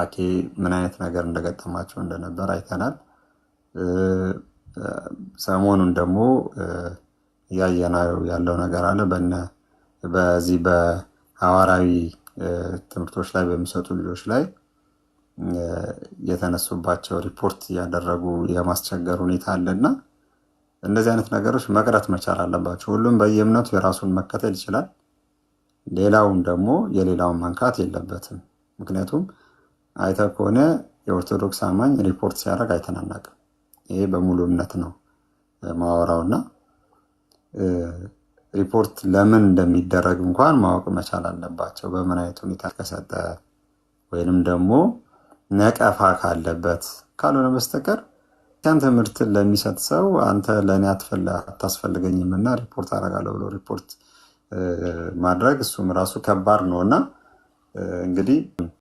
አኬ ምን አይነት ነገር እንደገጠማቸው እንደነበር አይተናል። ሰሞኑን ደግሞ እያየናው ያለው ነገር አለ። በነ በዚህ በሐዋራዊ ትምህርቶች ላይ በሚሰጡ ልጆች ላይ የተነሱባቸው ሪፖርት እያደረጉ የማስቸገር ሁኔታ አለና እንደዚህ አይነት ነገሮች መቅረት መቻል አለባቸው። ሁሉም በየእምነቱ የራሱን መከተል ይችላል። ሌላውን ደግሞ የሌላውን መንካት የለበትም። ምክንያቱም አይተ ከሆነ የኦርቶዶክስ አማኝ ሪፖርት ሲያደርግ አይተናናቅም። ይሄ በሙሉ እምነት ነው ማወራውና ሪፖርት ለምን እንደሚደረግ እንኳን ማወቅ መቻል አለባቸው። በምን አይነት ሁኔታ ከሰጠ ወይንም ደግሞ ነቀፋ ካለበት ካልሆነ በስተቀር ያን ትምህርትን ለሚሰጥ ሰው አንተ ለእኔ አታስፈልገኝም እና ሪፖርት አደርጋለሁ ብሎ ሪፖርት ማድረግ እሱም ራሱ ከባድ ነው እና እንግዲህ